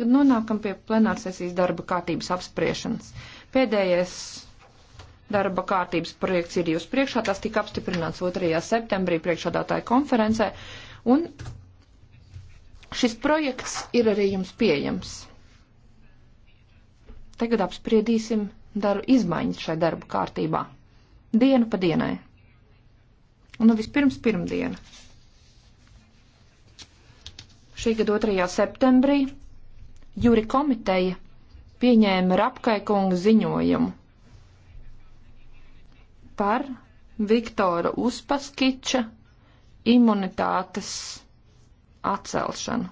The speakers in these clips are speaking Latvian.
Tagad nonākam pie plenārsesijas darba kārtības apspriešanas. Pēdējais darba kārtības projekts ir jūs priekšā, tas tika apstiprināts 2. septembrī priekšādātāja konferencē, un šis projekts ir arī jums pieejams. Tagad apspriedīsim daru izmaiņas šai darba kārtībā. Dienu pa dienai. Un nu vispirms pirmdiena. Šī gada 2. septembrī Jūri komiteja pieņēma Rapkaikunga ziņojumu par Viktora Uspaskiča imunitātes atcelšanu.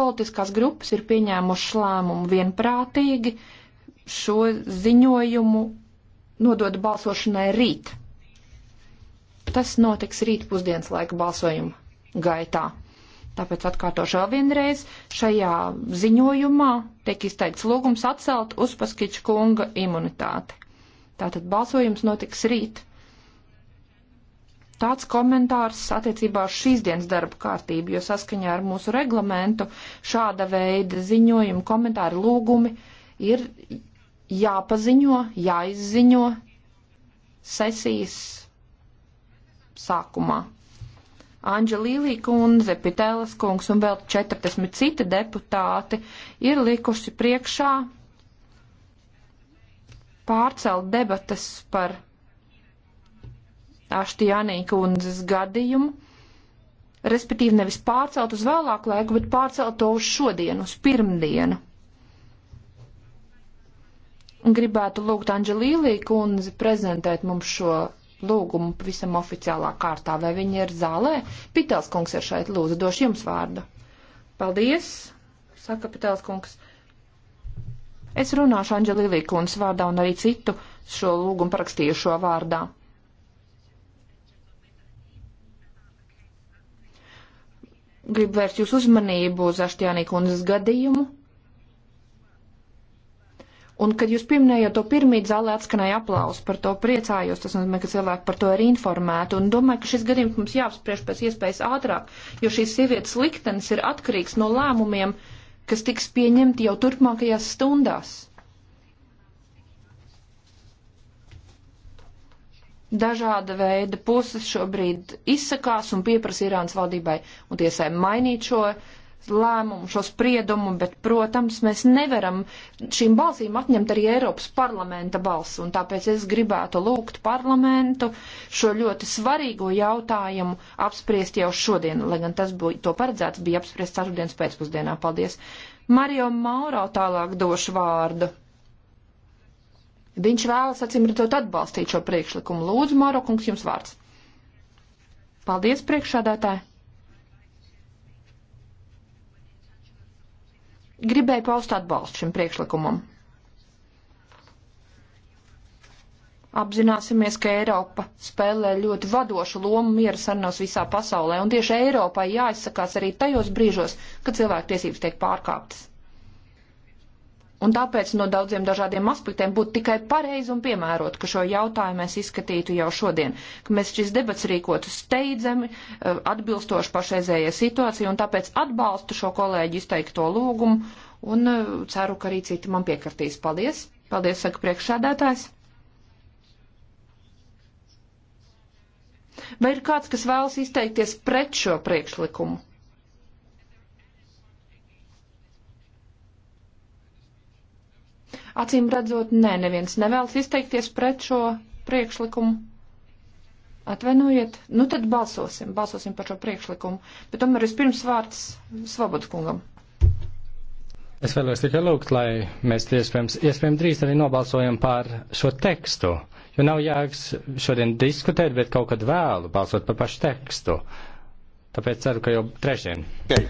Politiskās grupas ir pieņēmušas lēmumu vienprātīgi šo ziņojumu nodot balsošanai rīt. Tas notiks rīt pusdienas laika balsojuma gaitā. Tāpēc atkārtošu vēl vienreiz, šajā ziņojumā tiek izteikts lūgums atcelt Uspaskiča kunga imunitāti. Tātad balsojums notiks rīt. Tāds komentārs attiecībā uz šīs dienas darba kārtību, jo saskaņā ar mūsu reglamentu šāda veida ziņojumi, komentāri, lūgumi ir jāpaziņo, jāizziņo sesijas sākumā. Anģelīlī kundze, Pitēlas kungs un vēl 40 citi deputāti ir likuši priekšā pārcelt debatas par Aštijānī kundzes gadījumu, respektīvi nevis pārcelt uz vēlāku laiku, bet pārcelt to uz šodienu, uz pirmdienu. Un gribētu lūgt Anģelīlī kundzi prezentēt mums šo lūgumu pavisam oficiālā kārtā. Vai viņi ir zālē? Pitels kungs ir šeit, lūdzu, došu jums vārdu. Paldies, saka Pitels kungs. Es runāšu Anģelīlī kundas vārdā un arī citu šo lūgumu parakstījušo vārdā. Gribu vērst jūs uzmanību uz Aštjānī kundas gadījumu, Un, kad jūs pieminējāt to pirmīt zālē atskanēja aplausu, par to priecājos, tas nozīmē, ka cilvēki par to ir informēti. Un domāju, ka šis gadījums mums jāapspriež pēc iespējas ātrāk, jo šīs sievietes liktenis ir atkarīgs no lēmumiem, kas tiks pieņemti jau turpmākajās stundās. Dažāda veida puses šobrīd izsakās un pieprasa Irānas valdībai un tiesai mainīt šo uh, lēmumu, šo spriedumu, bet, protams, mēs nevaram šīm balsīm atņemt arī Eiropas parlamenta balsu, un tāpēc es gribētu lūgt parlamentu šo ļoti svarīgo jautājumu apspriest jau šodien, lai gan tas bija, to paredzēts bija apspriest ceturtdienas pēcpusdienā. Paldies! Mario Mauro tālāk došu vārdu. Viņš vēlas, acīm redzot, atbalstīt šo priekšlikumu. Lūdzu, Mauro kungs, jums vārds. Paldies, priekšādātāji! gribēju paust atbalstu šim priekšlikumam. Apzināsimies, ka Eiropa spēlē ļoti vadošu lomu miera sarunās visā pasaulē, un tieši Eiropai jāizsakās arī tajos brīžos, kad cilvēktiesības tiek pārkāptas. Un tāpēc no daudziem dažādiem aspektiem būtu tikai pareizi un piemērot, ka šo jautājumu mēs izskatītu jau šodien, ka mēs šis debats rīkotu steidzami, eh, atbilstoši pašreizējai situācijai, un tāpēc atbalstu šo kolēģi izteikto lūgumu, un eh, ceru, ka arī citi man piekartīs. Paldies! Paldies, saka priekšsēdētājs! Vai ir kāds, kas vēlas izteikties pret šo priekšlikumu? Acīm redzot, nē, ne, neviens nevēlas izteikties pret šo priekšlikumu. Atvainojiet, nu tad balsosim, balsosim par šo priekšlikumu, bet tomēr vispirms vārds Svobodas kungam. Es vēlos tikai lūgt, lai mēs iespējams, iespējams drīz arī nobalsojam par šo tekstu, jo nav jēgas šodien diskutēt, bet kaut kad vēlu balsot par pašu tekstu. Tāpēc ceru, ka jau trešdien. Okay.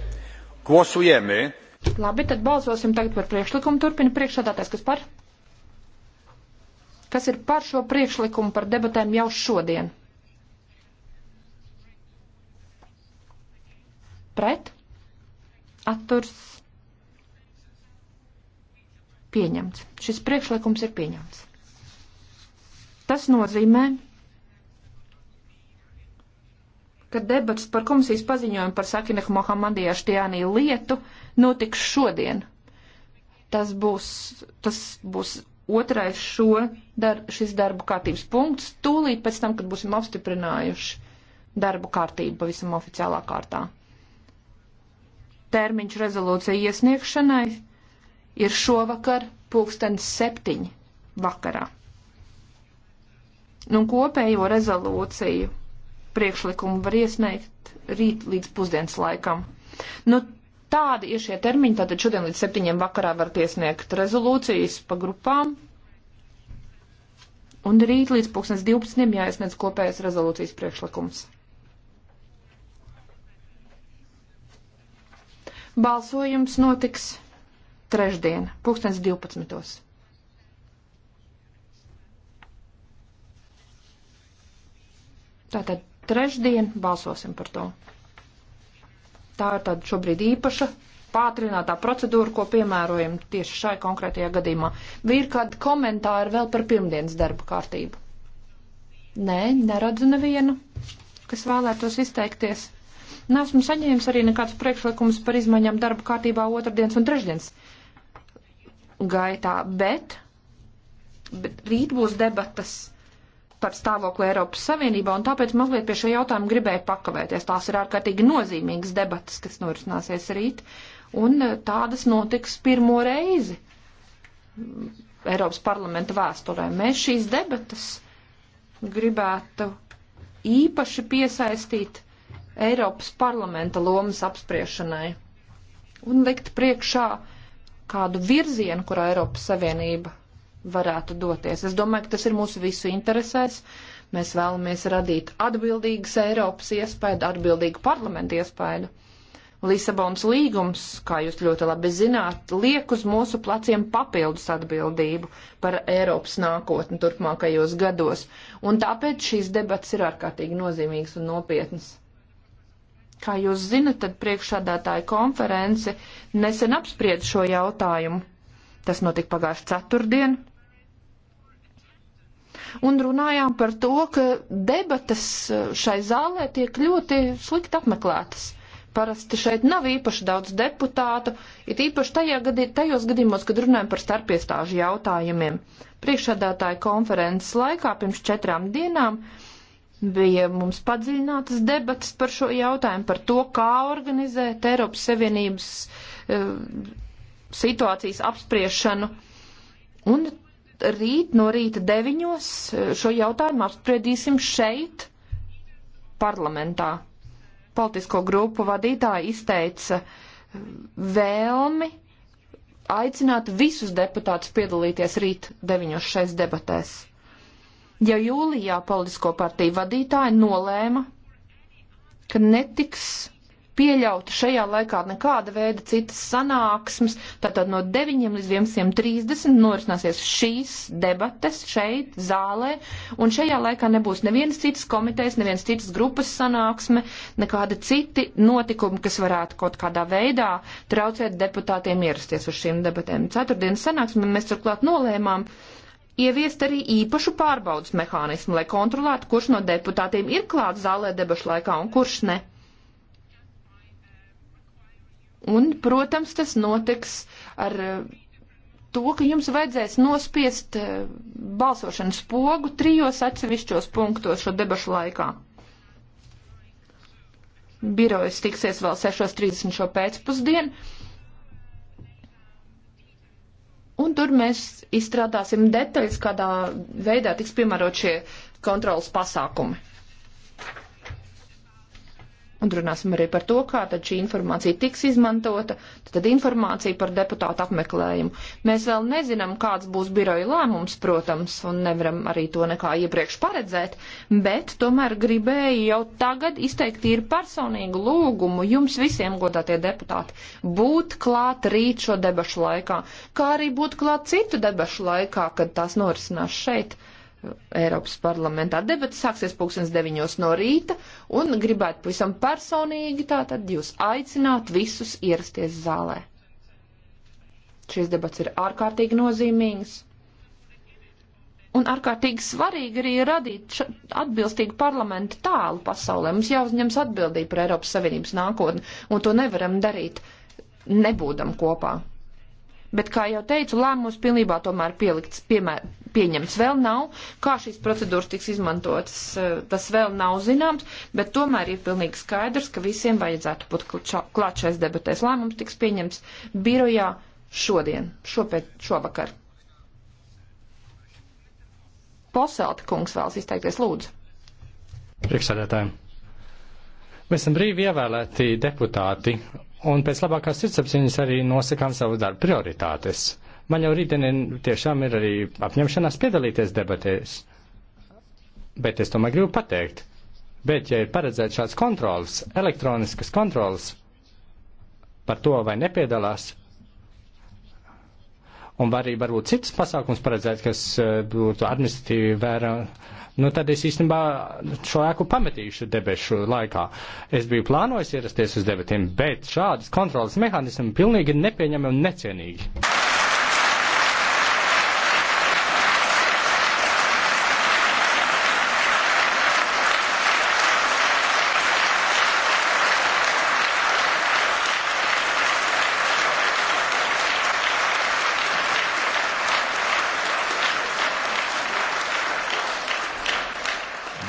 Głosujemy Labi, tad balsosim tagad par priekšlikumu. Turpina priekšsādātājs, kas par? Kas ir par šo priekšlikumu par debatēm jau šodien? Pret? Atturs? Pieņemts. Šis priekšlikums ir pieņemts. Tas nozīmē, ka debats par komisijas paziņojumu par Sakinehu Mohamedijā Štijānī lietu notiks šodien. Tas būs, tas būs otrais šo, dar, šis darbu kārtības punkts, tūlīt pēc tam, kad būsim apstiprinājuši darbu kārtību pavisam oficiālā kārtā. Termiņš rezolūcija iesniegšanai ir šovakar pulkstens septiņi vakarā. Nu, kopējo rezolūciju priekšlikumu var iesniegt rīt līdz pusdienas laikam. Nu, tādi ir šie termiņi, tātad šodien līdz septiņiem vakarā var iesniegt rezolūcijas pa grupām. Un rīt līdz 2012. jāiesniedz kopējais rezolūcijas priekšlikums. Balsojums notiks trešdien, 2012. Tātad Trešdien balsosim par to. Tā ir tāda šobrīd īpaša pātrinātā procedūra, ko piemērojam tieši šai konkrētajā gadījumā. Vai ir kādi komentāri vēl par pirmdienas darba kārtību? Nē, neredzu nevienu, kas vēlētos izteikties. Nesmu saņēmis arī nekādus priekšlikumus par izmaiņām darba kārtībā otrdienas un trešdienas gaitā, bet, bet rīt būs debatas par stāvokli Eiropas Savienībā, un tāpēc mazliet pie šī jautājuma gribēju pakavēties. Tās ir ārkārtīgi nozīmīgas debatas, kas norisināsies rīt, un eh, tādas notiks pirmo reizi Eiropas parlamenta vēsturē. Mēs šīs debatas gribētu īpaši piesaistīt Eiropas parlamenta lomas apspriešanai un likt priekšā kādu virzienu, kurā Eiropas Savienība varētu doties. Es domāju, ka tas ir mūsu visu interesēs. Mēs vēlamies radīt atbildīgas Eiropas iespēju, atbildīgu parlamentu iespēju. Lisabonas līgums, kā jūs ļoti labi zināt, liek uz mūsu pleciem papildus atbildību par Eiropas nākotni turpmākajos gados, un tāpēc šīs debats ir ārkārtīgi nozīmīgs un nopietnas. Kā jūs zinat, tad priekšādātāja konference nesen apspried šo jautājumu. Tas notika pagājuši ceturtdien, un runājām par to, ka debatas eh, šai zālē tiek ļoti slikti apmeklētas. Parasti šeit nav īpaši daudz deputātu, it īpaši tajā gadī, tajos gadījumos, kad runājam par starpiestāžu jautājumiem. Priekšādātāja konferences laikā pirms četrām dienām bija mums padziļinātas debatas par šo jautājumu, par to, kā organizēt Eiropas Savienības e, situācijas apspriešanu. Un rīt no rīta deviņos eh, šo jautājumu apspriedīsim šeit, parlamentā. Politisko grupu vadītāji izteica eh, vēlmi aicināt visus deputātus piedalīties rīt deviņos šais debatēs. Ja jūlijā politisko partiju vadītāji nolēma, ka netiks pieļauta šajā laikā nekāda veida citas sanāksmes. Tātad no 9 līdz 11.30 norisināsies šīs debates šeit, zālē, un šajā laikā nebūs nevienas citas komitejas, nevienas citas grupas sanāksme, nekāda citi notikumi, kas varētu kaut kādā veidā traucēt deputātiem ierasties uz šīm debatēm. Ceturtdienas sanāksme mēs turklāt nolēmām ieviest arī īpašu pārbaudas mehānismu, lai kontrolētu, kurš no deputātiem ir klāts zālē debašu laikā un kurš ne. Un, protams, tas notiks ar eh, to, ka jums vajadzēs nospiest eh, balsošanas pogu trijos atsevišķos punktos šo debašu laikā. Birojas tiksies vēl 6.30 šo pēcpusdienu. Un tur mēs izstrādāsim detaļas, kādā veidā tiks piemērot šie kontrolas pasākumi un runāsim arī par to, kā tad šī informācija tiks izmantota, tad informācija par deputātu apmeklējumu. Mēs vēl nezinām, kāds būs biroja lēmums, protams, un nevaram arī to nekā iepriekš paredzēt, bet tomēr gribēju jau tagad izteikt īri personīgu lūgumu jums visiem, godātie deputāti, būt klāt rīt šo debašu laikā, kā arī būt klāt citu debašu laikā, kad tās norisinās šeit. Eiropas parlamentā. Debats sāksies pulkstens deviņos no rīta un gribētu pavisam personīgi tātad jūs aicināt visus ierasties zālē. Šis debats ir ārkārtīgi nozīmīgs. Un ārkārtīgi svarīgi arī radīt atbilstīgu parlamentu tālu pasaulē. Mums jāuzņems atbildība par Eiropas Savienības nākotni, un to nevaram darīt nebūdam kopā. Bet, kā jau teicu, lēmums pilnībā tomēr pielikts, piemēr, pieņemts. Vēl nav, kā šīs procedūras tiks izmantotas, eh, tas vēl nav zināms, bet tomēr ir pilnīgi skaidrs, ka visiem vajadzētu būt klāt šais debatēs. Lēmums tiks pieņemts birojā šodien, šopēc, šovakar. Poselta kungs vēlas izteikties, lūdzu. Priekšsēdētājiem. Mēs esam brīvi ievēlēti deputāti, un pēc labākās sirdsapziņas arī nosakām savu darbu prioritātes. Man jau rītdien tiešām ir arī apņemšanās piedalīties debatēs. Bet es tomēr gribu pateikt, bet ja ir paredzēts šāds kontrols, elektroniskas kontrols par to, vai nepiedalās, un var arī varbūt cits pasākums paredzēts, kas eh, būtu administratīvi vērā, nu tad es īstenībā šo ēku pametīšu debešu laikā. Es biju plānojis ierasties uz debatiem, bet šādas kontrolas mehānismi pilnīgi nepieņemami un necienīgi.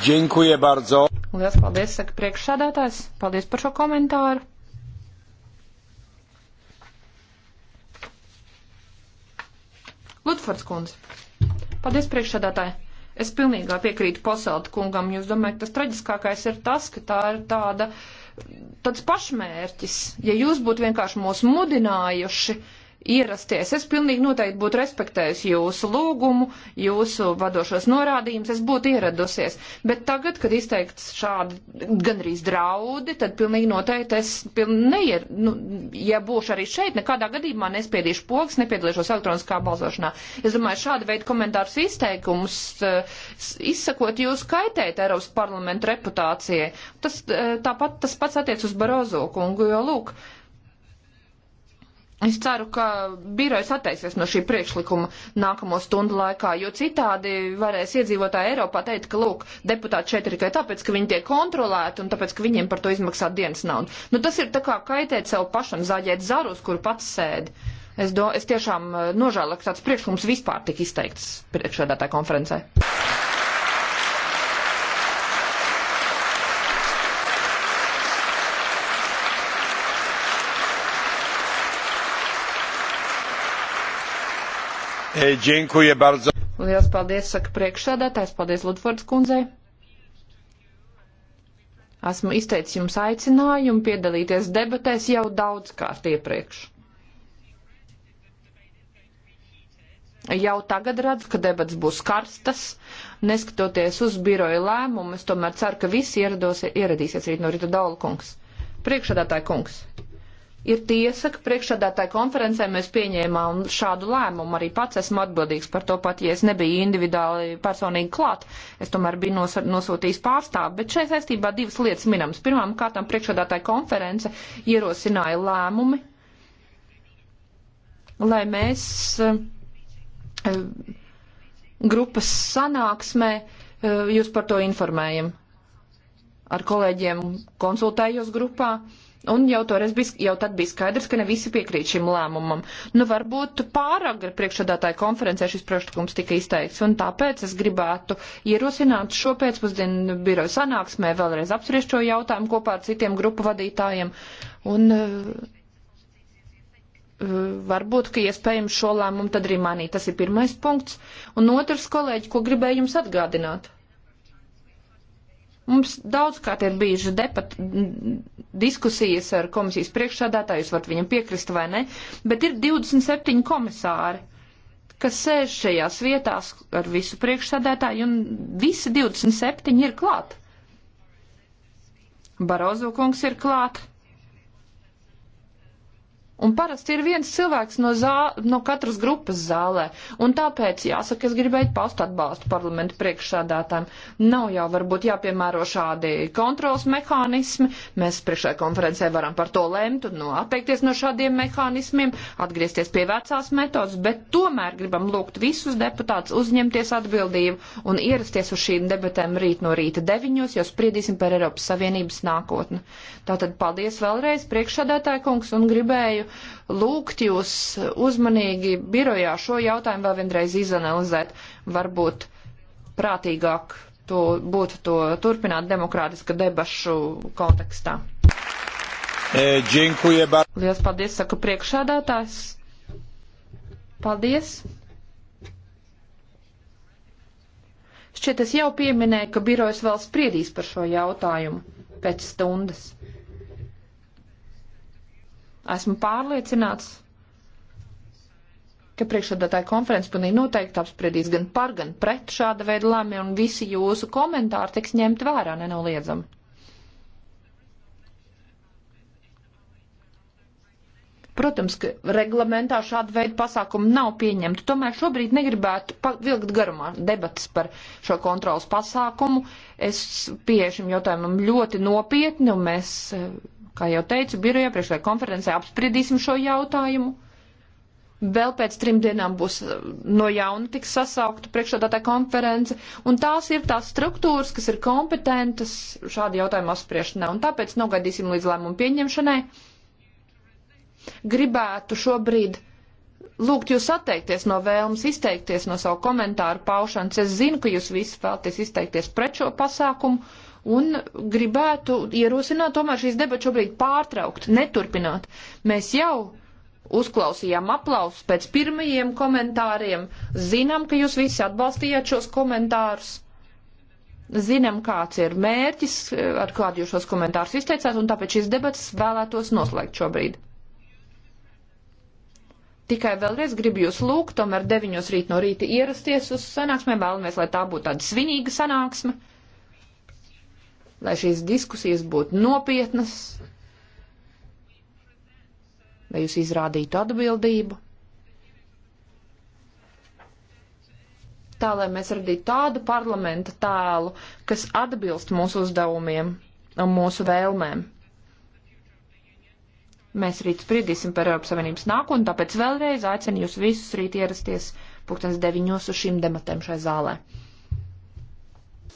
Džinkuje bardzo. Lielas paldies, saka priekšsādātājs. Paldies par šo komentāru. Lutfords kundze. Paldies, priekšsādātāji. Es pilnīgā piekrītu posēlta kungam. Jūs domājat, tas traģiskākais ir tas, ka tā ir tāda, tāds pašmērķis. Ja jūs būtu vienkārši mūs mudinājuši, uh, ierasties. Es pilnīgi noteikti būtu respektējusi jūsu lūgumu, jūsu vadošos norādījumus, es būtu ieradusies. Bet tagad, kad izteikts šādi gandrīz draudi, tad pilnīgi noteikti es, piln, neier, nu, ja būšu arī šeit, nekādā gadījumā nespiedīšu pogas, nepiedalīšos elektroniskā balsošanā. Es domāju, šāda veida komentārus izteikumus izsakot jūs kaitēt Eiropas parlamentu reputācijai. Tas, eh, tāpat tas pats attiec uz Barozo kungu, jo lūk, Es ceru, ka birojs atteiksies no šī priekšlikuma nākamo stundu laikā, jo citādi varēs iedzīvotāji Eiropā teikt, ka, lūk, deputāti šeit ir tikai tāpēc, ka viņi tiek kontrolēti un tāpēc, ka viņiem par to izmaksā dienas naudu. Nu, tas ir tā kā kaitēt sev pašam, zāģēt zarus, kur pats sēdi. Es, do, es tiešām eh, nožēlu, ka tāds priekšlikums vispār tik izteikts priekšādātā konferencē. Eh, dziękuję bardzo. Lielas paldies, saka priekšsādātājs. Paldies Ludfords kundzei. Esmu izteicis jums aicinājumu piedalīties debatēs jau daudz kārt iepriekš. Jau tagad redzu, ka debats būs karstas. Neskatoties uz biroja lēmumu, es tomēr ceru, ka visi ierados, ieradīsies rīt no rīta Daula kungs. Priekšsādātāja kungs. Ir tiesa, ka priekšsādātāja konferencē mēs pieņēmām šādu lēmumu. Arī pats esmu atbildīgs par to pat, ja es nebiju individuāli personīgi klāt. Es tomēr biju nos, nosūtījis pārstāvu. Bet šai saistībā divas lietas minams. Pirmām kārtām priekšsādātāja konference ierosināja lēmumi, lai mēs eh, grupas sanāksmē eh, jūs par to informējam. Ar kolēģiem konsultējos grupā Un jau toreiz bija, jau tad bija skaidrs, ka ne visi piekrīt šim lēmumam. Nu, varbūt pāragri priekšsādātāja konferencē šis priekšlikums tika izteikts, un tāpēc es gribētu ierosināt šo pēcpusdienu biroju sanāksmē vēlreiz apspriest šo jautājumu kopā ar citiem grupu vadītājiem. Un, eh, eh, varbūt, ka iespējams šo lēmumu tad arī manī. Tas ir pirmais punkts. Un otrs, kolēģi, ko gribēju jums atgādināt. Mums daudzkārt ir bijuši depat diskusijas ar komisijas priekšsādātāju, jūs varat viņam piekrist vai ne, bet ir 27 komisāri, kas sēž šajās vietās ar visu priekšsādātāju, un visi 27 ir klāt. Barozo kungs ir klāt. Un parasti ir viens cilvēks no, zā, no katras grupas zālē. Un tāpēc, jāsaka, es gribēju paust atbalstu parlamentu priekšsādātājiem. Nav jau varbūt jāpiemēro šādi kontrols mehānismi. Mēs priekšā konferencē varam par to lemt un no, nu, atteikties no šādiem mehānismiem, atgriezties pie vecās metodas, bet tomēr gribam lūgt visus deputātus uzņemties atbildību un ierasties uz šīm debatēm rīt no rīta deviņos, jo spriedīsim par Eiropas Savienības nākotni. Tātad paldies vēlreiz priekšsādātāju kungs un gribēju lūgt jūs uzmanīgi birojā šo jautājumu vēl vienreiz izanalizēt. Varbūt prātīgāk to būtu to turpināt demokrātiska debašu kontekstā. E, Lielas paldies, saka priekšādātājs. Paldies! Šķiet, es jau pieminēju, ka birojas vēl spriedīs par šo jautājumu pēc stundas. Esmu pārliecināts, ka priekšsēdētāja konferences pilnīgi noteikti apspriedīs gan par, gan pret šāda veida lēmumiem, un visi jūsu komentāri tiks ņemt vērā nenoliedzami. Protams, ka reglamentā šāda veida pasākumu nav pieņemta. Tomēr šobrīd negribētu vilkt garumā debatas par šo kontrolas pasākumu. Es pieeju šim jautājumam ļoti nopietni, un mēs eh, Kā jau teicu, biroja priekšlē konferencē apspriedīsim šo jautājumu. Vēl pēc trim dienām būs eh, no jauna tiks sasaukta priekšsādātāja konference, un tās ir tās struktūras, kas ir kompetentas šādi jautājumi apspriešanā, un tāpēc nogaidīsim līdz lēmumu pieņemšanai. Gribētu šobrīd uh, lūgt jūs atteikties no vēlmes izteikties no savu komentāru paušanas. Es zinu, ka jūs visi vēlaties izteikties pret šo pasākumu un gribētu ierosināt tomēr šīs debats šobrīd pārtraukt, neturpināt. Mēs jau uzklausījām aplausus pēc pirmajiem komentāriem, zinām, ka jūs visi atbalstījāt šos komentārus. Zinām, kāds ir mērķis, ar kādu jūs šos komentārus izteicāt, un tāpēc šīs debatas vēlētos noslēgt šobrīd. Tikai vēlreiz gribu jūs lūgt, tomēr 9 rīt no rīta ierasties uz sanāksmē, vēlamies, lai tā būtu tāda svinīga sanāksme, lai šīs diskusijas būtu nopietnas, lai jūs izrādītu atbildību. Tā, lai mēs radītu tādu parlamenta tēlu, kas atbilst mūsu uzdevumiem un mūsu vēlmēm. Mēs rīt spriedīsim par Eiropas Savienības nākotni, tāpēc vēlreiz aicinu jūs visus rīt ierasties pūkstens deviņos uz šīm dematēm šai zālē.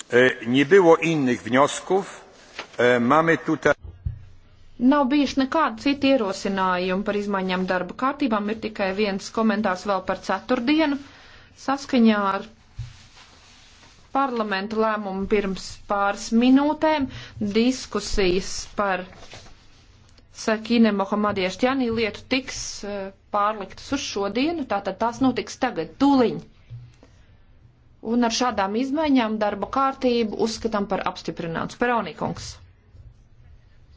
E, e Nav bijuši nekādi citi ierosinājumi par izmaiņām darba kārtībām, ir tikai viens komentārs vēl par ceturtdienu. Saskaņā ar parlamenta lēmumu pirms pāris minūtēm diskusijas par Sakīne Mohamadieša Ķanī lietu tiks eh, pārliktas uz šodienu, tātad tās notiks tagad, tūliņ. Un ar šādām izmaiņām darba kārtību uzskatām par apstiprinātu. Peronīkungs,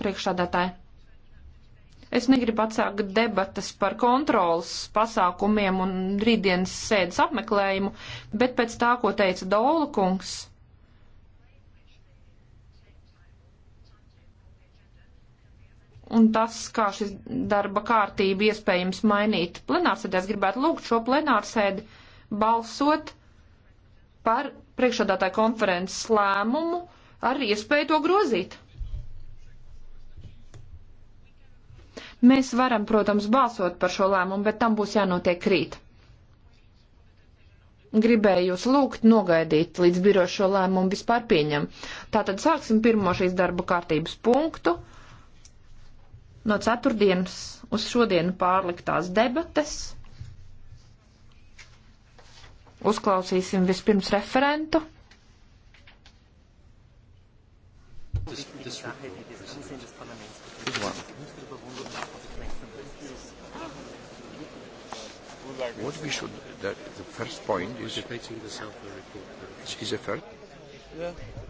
priekšādātāji. Es negribu atsākt debatas par kontrolas pasākumiem un rītdienas sēdes apmeklējumu, bet pēc tā, ko teica Dola kungs un tas, kā šis darba kārtība iespējams mainīt plenārsēdē, es gribētu lūgt šo plenārsēdi balsot par priekšādātāju konferences lēmumu ar iespēju to grozīt. Mēs varam, protams, balsot par šo lēmumu, bet tam būs jānotiek krīt. Gribēju jūs lūgt nogaidīt, līdz biro šo lēmumu vispār pieņem. Tātad sāksim pirmo šīs darba kārtības punktu no ceturtdienas uz šodienu pārliktās debates. Uzklausīsim vispirms referentu. This, this, this one. What we should, the, the first point is... We're debating the Southwell report. Is the first? Yeah.